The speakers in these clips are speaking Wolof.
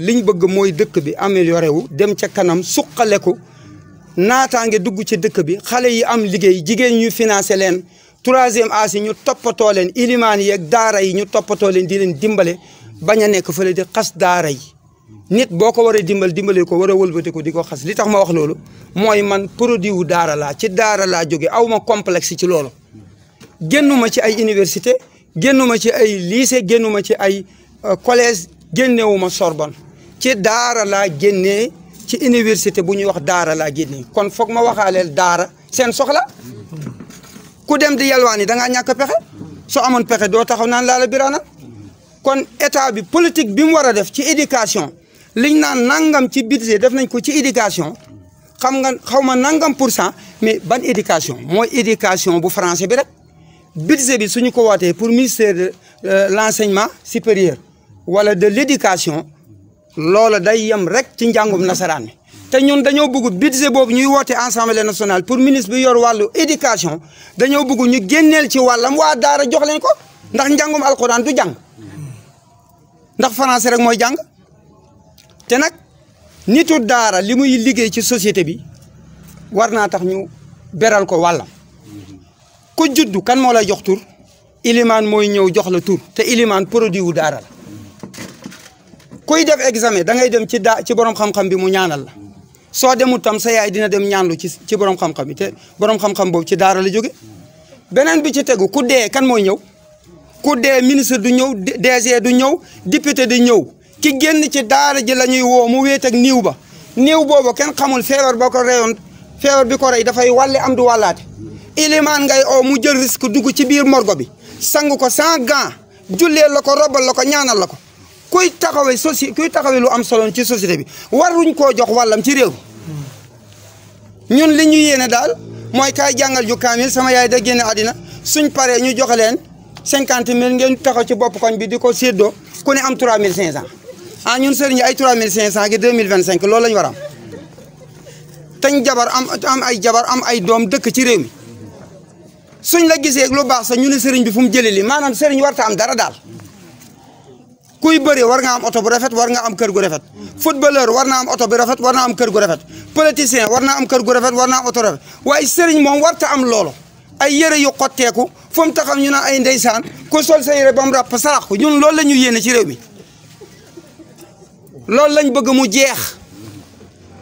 li liñ bëgg mooy dëkk bi amélioré wu dem ca kanam suqale ko naataange dugg ci dëkk bi xale yi am liggéey jigéen ñu financé leen troisième âge yi ñu toppatoo leen ilimaan yeeg daara yi ñu toppatoo leen di leen dimbale bañ a nekk fële di xas daara yi nit boo ko waree dimbal dimbale ko war a wëlbati ko di ko xas li tax ma wax loolu mooy man produit wu daara laa ci daara laa jóge aw ma complexe ci loolu génnuma ci ay université génnuma ci ay lycée génnuma ci ay euh, collège génnewuma Sorbonne ci daara la génnee ci université bu ñuy wax daara la génnee kon foog ma waxaaleel daara seen soxla ku dem di yalwaan da nga ñàkk pexe soo amoon pexe doo taxaw naan laa la birana kon état bi politique bi mu war a def ci éducation liñ naan nangam ci budget def nañ ko ci éducation xam nga xaw ma nangam pour cent mais ban éducation mooy éducation bu français bi rek budget bi suñu ko wootee pour ministère de euh, l'enseignement supérieur wala de l'éducation lolo day yam rek ci njangum nasaraan te ñun dañoo bëgg budget bobu ñuy woté ensemble national pour ministre bi yor walu éducation dañoo bëgg ñu génneel ci walam wa dara jox leen ko ndax njangum alcorane du jang ndax français rek moy jang te nak nitu dara limuy liggé ci société bi warna tax ñu béral ko wàllam ku juddu kan mo lay jox tur iliman moy ñew jox la tur te iliman produit wu dara la kuy def examen da ngay dem ci daa ci borom xam-xam bi mu ñaanal la soo demut tam sa ay dina dem ñaandu ci ci borom xam-xam bi te borom xam-xam boobu ci daara la jóge beneen bi ci tegu ku dee kan mooy ñëw ku dee ministre du ñëw DG du ñëw député du ñëw ki génn ci daara ji la ñuy woo mu wéet teg niiw ba niiw boobu kenn xamul feebar ba ko reyoon feebar bi ko rey dafay wàlle am du wàllaate ilimaan ngay oo mu jël risque dugg ci biir morgo bi sang ko sans gant jullee la ko robal la ko ñaanal la ko kuy taxawee soci kuy taxawee lu am solo ci société bi war waruñ koo jox wallam ci réew ñun li ñu yéene daal mooy kaay jàngal ju kaamil sama yaay da génn àddina suñ pare ñu joxe leen cinquante mille ngeen taxaw ci bopp koñ bi di ko séddoo ku ne am trois mille cinq cent ah ñun sëriñ ay trois mille cinq cent ak deux mille vingt cinq loolu la jabar am am ay jabar am ay doom dëkk ci réew mi suñ la gisee lu baax sax ñu ne sëriñ bi fu mu jëlee lii maanaam sëriñ warta am dara daal. kuy bëri war nga am oto bu rafet war nga am kër gu rafet footballeur war na am oto bu rafet war naa am kër gu rafet politicien war na am kër gu rafet war na am oto rafet waaye sëriñ moom warta am loolo ay yëre yu xotteeku fu mu taxaw ñu naan ay ndeysaan ku sol sa yëre ba mu ràpp sarax ko ñun loolu la ñu yéene ci réew mi loolu lañ bëgg mu jeex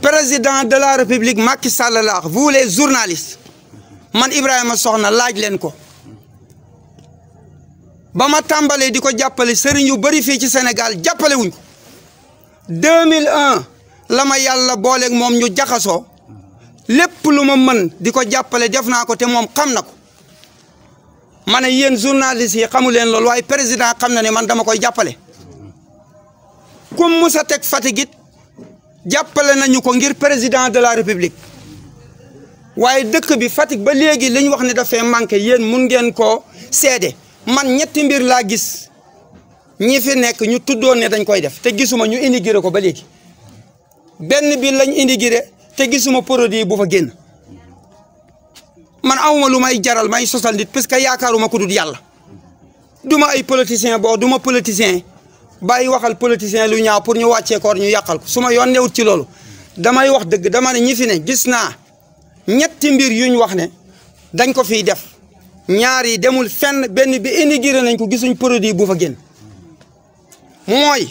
président de la république Macky Sall la wax vous man Ibrahima Soxna laaj leen ko ba ma tàmbalee di ko jàppale sëriñ yu bëri fii ci Sénégal jàppale wuñ ko 2001 la yàlla booleeg moom ñu jaxasoo lépp lu ma mën di ko jàppale def naa ko te moom xam na ko ma ne yéen journaliste yi xamu leen loolu waaye président xam na ne man dama koy jàppale. comme Moussa teg Fatick jàppale nañu ko ngir président de la république waaye dëkk bi Fatick ba léegi li wax ne dafay manqué yéen mun ngeen koo seede. man ñetti mbir laa gis ñi fi nekk ñu tuddoon ne dañ koy def te gisuma ñu indigéré ko ba léegi benn bi lañ indigéré te gisuma produit bu fa génn man amuma lu may jaral may sosal nit parce que yaakaaruma ko dul yàlla duma ay politicien boo duma politicien bàyyi waxal politicien lu ñaaw pour ñu wàccee ñu yàqal ko suma yoon newut ci loolu damay wax dëgg dama ne ñi fi ne gis naa ñetti mbir yuñ wax ne dañ ko fi def ñaar yi demul fenn benn bi indigéré nañ ko gisuñu produit bu fa génn mooy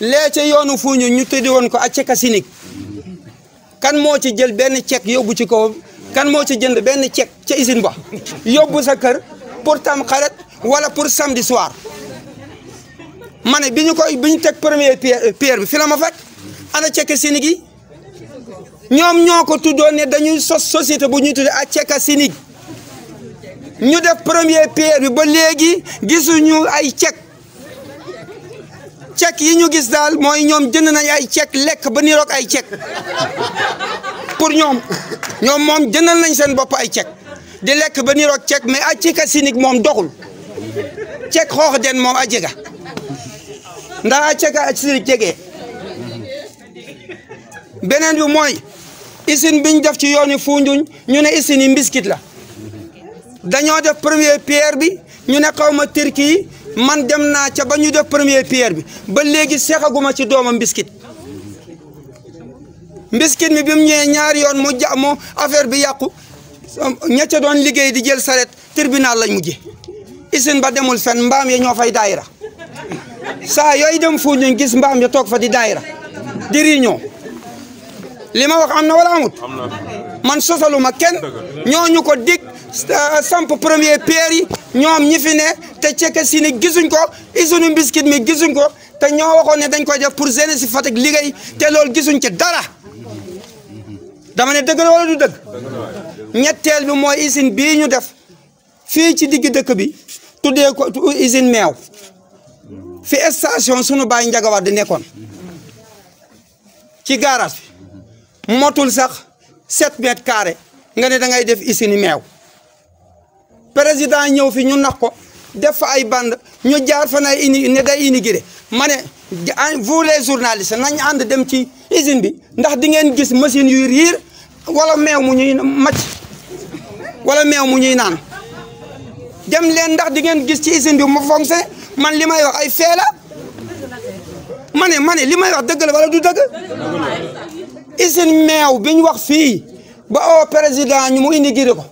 lee yoonu fuuñu ñu tëddi woon ko ak ceka sinig kan moo ci jël benn cek yóbbu ci kawam kan moo ci jënd benn cek ci usine ba yóbbu sakar pour tam xarit wala pour samedi soir ma ne bi ñu koy bi ñu teg première euh, pierre bi fi ma fekk ane ceka sinig yi ñoom ñoo ko tuddoon ne dañuy sos société bu ñu tuddee ak ceka sinig ñu def premier pierre bi ba léegi gisuñu ay cek cek yi ñu gis daal mooy ñoom jënd nañ ay cek lekk ba niroog ay cek pour ñoom ñoom moom jëndal nañ seen bopp ay cek di lekk ba niroog cek mais a cika sinig moom doxul cek xoox den moom a jega ndax a cek a sinig jegee beneen bi mooy usine biñ def ci yooni Foundiougne ñu ne usine yi mbiskit la dañoo def premier pierre bi ñu ne xawma ma man dem na ca bañu def premier pierre bi ba legi xexaguma ci doomam biscuit biscuit mi bimu ñe ñaar yoon mu jamo affaire bi yaqku ña ca doon liggey di jël saret tribunal lañ mujjé isin ba demul fen mbam ye ya ñoo fay daayira Sa yooyu dem fu ñu gis mbam ye ya tok fa di daayira di riño lima ma wax amna na wala amut man sosaluma ken ñooñu ko dig Euh, samp premier pierre yi ñoom ñi fi ne te cekke si ni gisuñ ko isunu mbiskit mi gisuñ ko te ñoo waxoon ne dañ koy def pour jeunesse si Fatick liggéey te loolu gisuñ ci dara dama ne dëgg la wala du dëgg ñetteel bi mooy usine bii ñu def fii ci digg dëkk bi tuddee ko usine meew fi station sunu baay njagawaat di nekkoon ci gaaras bi motul sax sept mètres carré nga ne da ngay def usine meew président ñëw fi ñu nax ko def fa ay bande ñu jaar fan ay ini ne day inigiré ma ne ah, vous les journalistes nañ ànd dem ci usine bi ndax di ngeen gis machine yuy riir wala meew mu ñuy macc wala meew mu ñuy naan dem leen ndax di ngeen gis ci usine bi mu fonctionné man li may wax ay fee la ma ne ma ne li may wax dëgg la wala du dëgg usine meew bi ñu wax fii ba au président ñu mu indigiré ko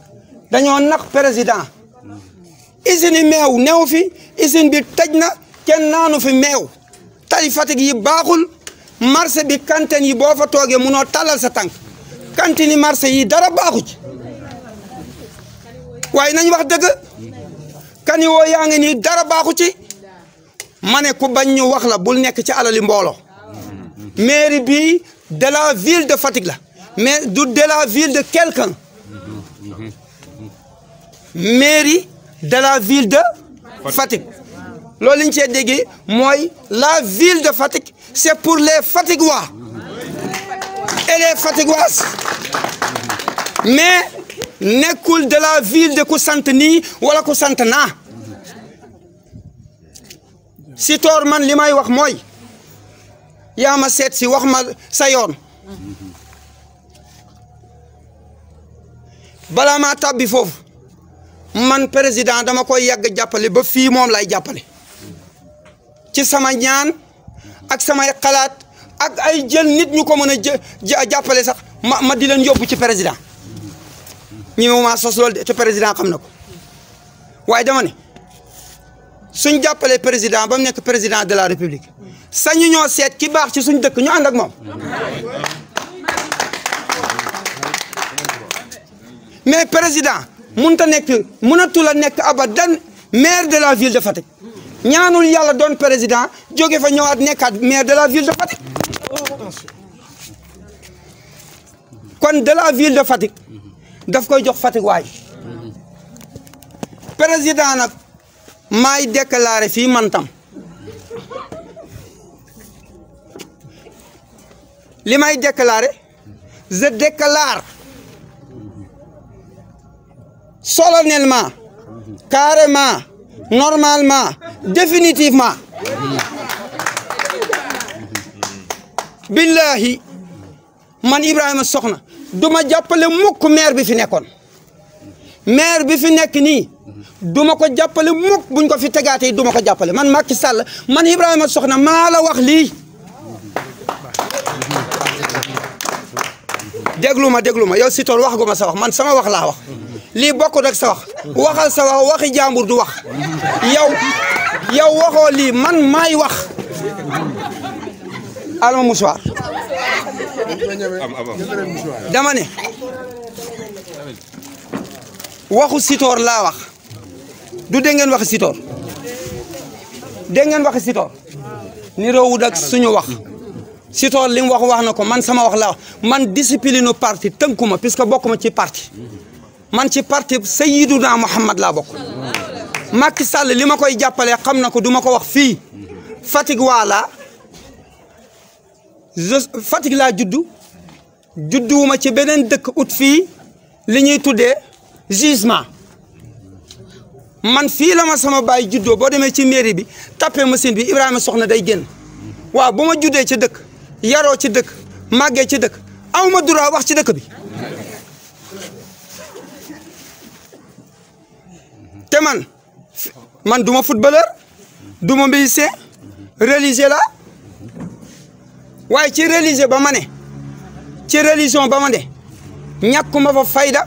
dañoo nax président usine yi meew new fi usine bi tëj na kenn naanu fi meew tali Fatick yi baaxul marché bi cantine yi boo fa toogee munoo tàllal sa tànk cantine marché yi dara baaxu ci waaye nañu wax dëgg Kaniwo yaa ngi nii dara baaxu ci ma ne ku bañ ñu wax la bul nekk ci alali mbooloo mairie bi de la ville de Fatick la mais du de la ville de quelqu'un mairie de la ville de Fatik. de la ville de Fatik, c'est pour les fatigois. et les fatigois, mais coule de la ville de Kousantini ou la wala si tu man li may wax mooy ma si wax ma sa yoon man président dama ko yàgg jàppale ba fii moom lay jàppale ci sama ñaan ak samay xalaat ak ay jël nit ñu ko mën a jàppale sax ma ma di leen yóbbu ci président ñi ma sos loolu te président xam na ko waaye dama ne suñ jàppale président ba mu nekk président de la république sañu ñoo seet ki baax ci suñ dëkk ñu ànd ak moom mais président mun ta nekk munatul a nekk abadan maire de la ville de Fatick ñaanul yàlla doon président jóge fa ñëwaat nekkaat maire de la ville de Fatick kon de la ville de Fatick daf koy jox Fatick waay président nag maay déclaré fii man tam li may déclaré je déclare solennellement carrément normalement définitivement billahi man Ibrahima Soxna du ma jàppale mukk meer bi fi nekkoon maire bi fi nekk nii duma ko jàppale mukk buñ ko fi tegaatee du ma ko jàppale man Macky Sall man Ibrahima Soxna maa la wax lii déglu ma déglu ma yow si tool wax gu ma sa wax man sama wax laa wax lii bokkut ak sa wax waxal sa wax waxi jàmbur du wax yow yow waxoo lii man maay wax alma musuwaar dama ne waxu sitoor laa wax du dégg ngeen waxi sitoor dégg ngeen waxi sitoor niroowut ak suñu wax sitoor li mu wax wax na ko man sama wax laa wax man discipline parti tënkuma puisque bokkuma ci parti man ci parti Sayyiduna Muhammad laa bokk Macky Sall li ma koy jàppale xam na ko du ma ko wax fii Fatick waa laa Fatick laa juddu judduwuma ci beneen dëkk ut fii li ñuy tuddee jugement man fii la ma sama baay juddoo boo demee ci mairie bi tapé machine bi Ibrahima Soxna day génn waaw bu ma juddee ci dëkk yaroo ci dëkk màggee ci dëkk aw ma droit wax ci dëkk bi. te man man du ma footballeur du ma musicien la waaye ci religieux ba ma ne ci religion ba ma ne ñàkkuma fa fayda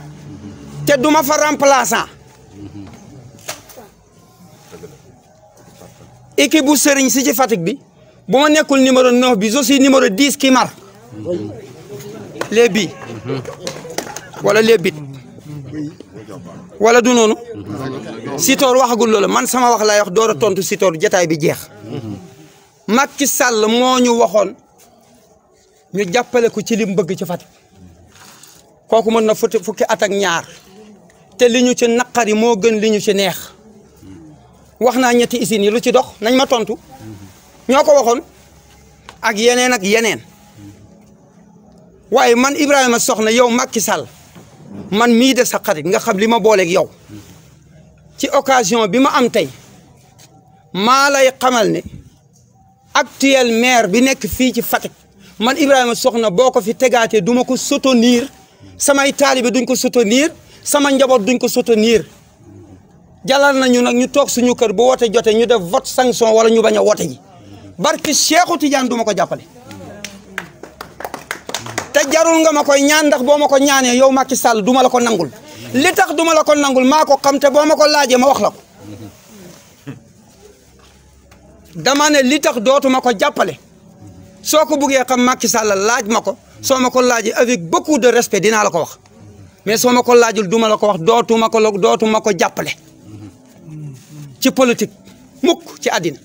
te duma ma fa remplaçant équipe bu sëriñ si ci Fatick bi bu ma nekkul numéro 9 bi je suis numéro 10 ki mar les wala les bit wala du noonu Sitor waxagul loola man sama wax laay wax door a tontu Sitor jataay bi jeex Macky Sall moo ñu waxoon ñu jàppale ko ci li mu bëgg ci Fatick kooku mën na fukki fukki at ñaar te li ñu ci naqari moo gën li ñu ci neex wax naa ñetti usines yi lu ci dox nañ ma tontu ñoo ko waxoon ak yeneen ak yeneen waaye man Ibrahima Soxna yow Macky Sall man mii de sa xarit nga xam li ma booleeg yow ci occasion bi ma am tey maa lay xamal ne actuel maire bi nekk fii ci Fatick man Ibrahima Soxna boo ko fi tegaatee duma ma ko soutenir samay taalibe duñ ko soutenir sama njaboot duñ ko soutenir jalal nañu nag ñu toog suñu kër bu wote jotee ñu def vot sanction wala ñu bañ a wote ji barki Cheikhou Tidiane du ko jàppale. te jarul nga ma koy ñaan ndax boo ma ko ñaanee yow Macky Sall duma la ko nangul li tax duma la ko nangul maa ko xam te boo ma ko laajee ma wax la ko dama li tax dootuma ko jàppale soo ko buggee xam Macky Sall laaj ma ko soo ma ko laajee avec beaucoup de respect dinaa la ko wax mais soo ma ko laajul duma la ko wax dootuma ko dootuma ko jàppale ci politique mukk ci àddina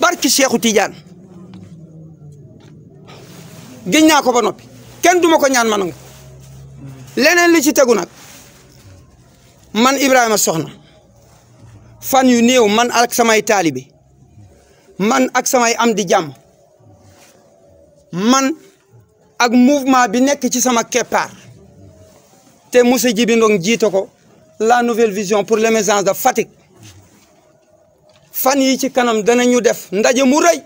barki Cheikhou tiijaan giñ naa ko ba noppi kenn duma ko ñaan ma nangu leneen li ci tegu nag man Ibrahima Soxna fan yu néew man ak samay taalibe man ak samay am di jàmm man ak mouvement bi nekk ci sama keppaar te Moussa Djibi Ndong jiite ko la nouvelle vision pour l'émergence de fatik fan yi ci kanam ñu def ndaje mu rëy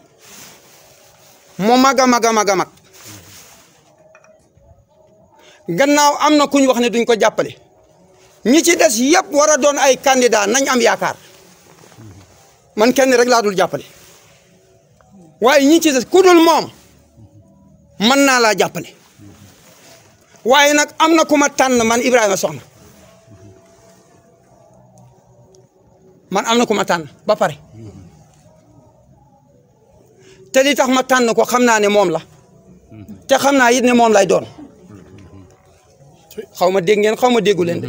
mu mag mag a mag a mag gannaaw am na kuñ wax ne duñ ko jàppale ñi ci des yëpp war a doon ay candidat nañ am yaakaar man kenn rek laa dul jàppale waaye ñi ci des ku dul moom mën naa laa jàppale waaye nag am na ku ma tànn man Ibrahima Soxna man am na ku ma tànn ba pare te li tax ma tànn ko xam naa ne moom la te xam naa it ne moom lay doon xaw ma dégg ngeen xaw ma déggu leen de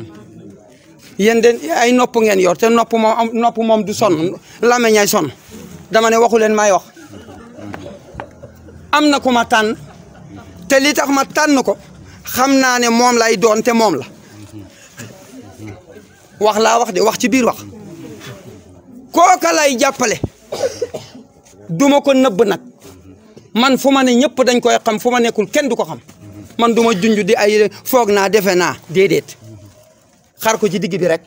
yéen de ay nopp ngeen yor te noppu moom noppu moom du sonn làmmiñ sonn dama ne waxu leen may wax am na ku ma tànn te li tax ma tànn ko xam naa ne moom lay doon te moom la wax laa wax de wax ci biir wax kooka lay jàppale duma ko nëbb nag man fu ma ne ñëpp dañ koy xam fu ma nekkul kenn du ko xam man du ma junj di ay foog naa defe naa déedéet xar ko ci digg bi rek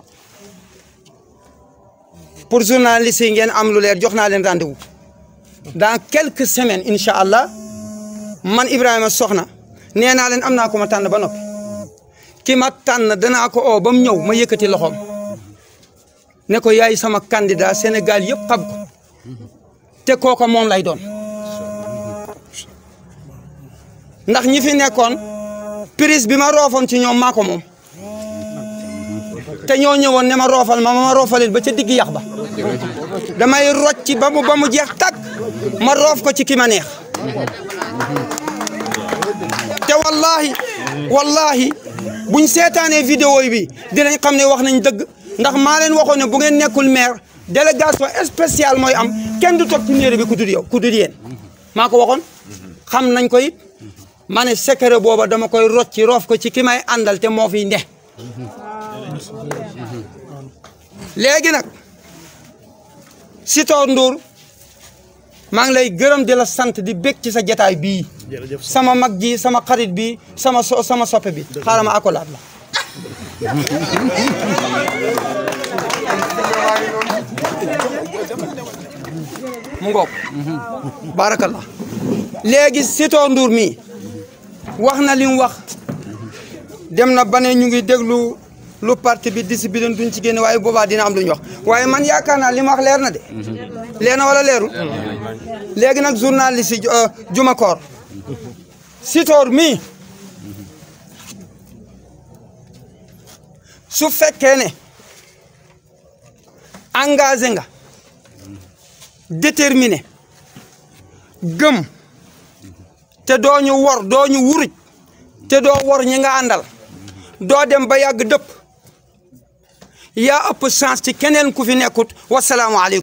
pour journaliste ngeen am lu leer jox naa rendez-vous dans quelques semaines incha man Ibrahima Soxna nee naa amna am naa ko ma tànn ba noppi ki ma tànn danaa ko oo ba mu ma yëkkati loxoom ne ko yaay sama candidat Sénégal yëpp xam ko te kooka moom lay doon. ndax ñi fi nekkoon prise bi ma roofoon ci ñoom maa moom te ñoo ñëwoon ne ma roofal ma ma roofaleen ba ca digg yax ba damay rocci ba mu ba mu jeex tàkk ma roof ko ci ki ma neex te wallahi wallahi buñ seetaanee vidéo yi bi dinañ xam ne wax nañ dëgg ndax maa leen waxoon ne bu ngeen nekkul maire délégation spéciale mooy am kenn du toog ci mairie bi ku dul yow ku dul xam nañ ko it mane ne secret booba dama koy rocci roof ko ci ki may àndal te moo fiy nde léegi nag Sitor nduur maa ngi lay gërëm di la sant di bég ci sa jataay bii sama mag ji sama xarit bi sama so sama soppe bi xaaral ma akolaat la mu ngoog barakallah léegi Sitor Ndour mii wax na li mu wax dem na ba ne ñu ngi déglu lu parti bi disi bi duñ ci génn waaye boobaa dina am lu ñu waaye man yaakaar naa li wax leer na de. leer na wala leerul. léegi nag journaliste yi euh, juma koor Sitor mii su fekkee ne engagé nga déterminé gëm. te doo ñu wor doo ñu wuruj te doo wor ñi nga àndal doo dem ba yàgg dëpp ya ëpp chance ci keneen ku fi nekkut wasalaamu aleykum